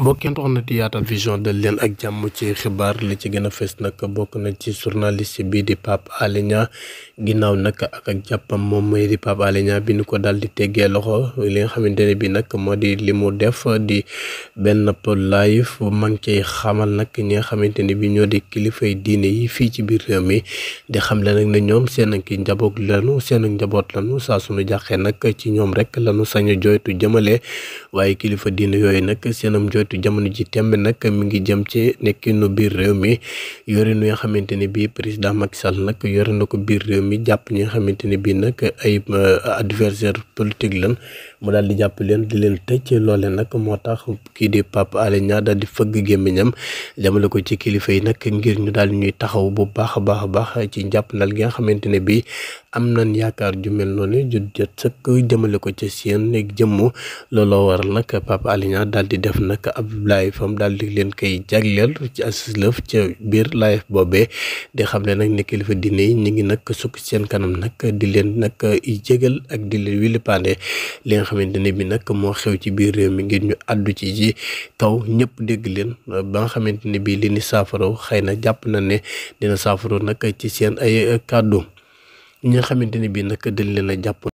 mbokk yi na ci yaatal vision de leen ak jàmm ci xibaar li ci gën a fees nag bokk nañ ci journaliste bii di Pape Alé Niang ginnaaw nag ak ak jàppam moom mooy di Pape Alé bi nu ko daal di teggee loxo li nga xamante ne bii nag moo di li mu def di benn live man xamal nag ñi nga xamante ne bii ñoo di kilifay diine yi fii ci biir réew mi di xam le nag ne ñoom seen ki njaboot lanu seen njaboot lanu saa suñu jàqee nag ci ñoom rek lanu sañ a jooytu jëmale waaye kilifa diine yooyu nag seenam jooytu jamono ji temb nag mi ngi jëm ci nekkinu biir réew mi yore nu nga xamante ni bii président Macky Sall nag yore na ko biir réew mi jàpp ñi nga xamante ni bii nag ay euh, adversaire politique lan mu daal di jàpp leen di leen tëj loole nag moo tax kii di Pape Alé Niang di fëgg gémmiñam jamale ko ci kilifa yi nag ngir ñu daal ñuy taxaw bu baax a baax a baax ci jàppandal gi nga xamante ne bii am nañ yaakaar ju mel noonu ju jot sëkk jëmale ko ci seen jëmm looloo waral nag Pape Alé daanaka ab live am daal di leen koy jagleel ci aslëf ca biir live boobee di xam ne nag ne kilifa diine yi ñu ngi nag sukk seen kanam nag di leen nag jégal ak di leen wilipande li nga xamante ne bi nag moo xew ci biir réew mi ngir ñu àddu ci ji taw ñëpp dégg leen ba nga xamante ni bi li ni saafaraw xëy na jàpp na ne dina saafaro nag ci seen ay kàddu ñi xamante ne bi nag dañ leen a jàpp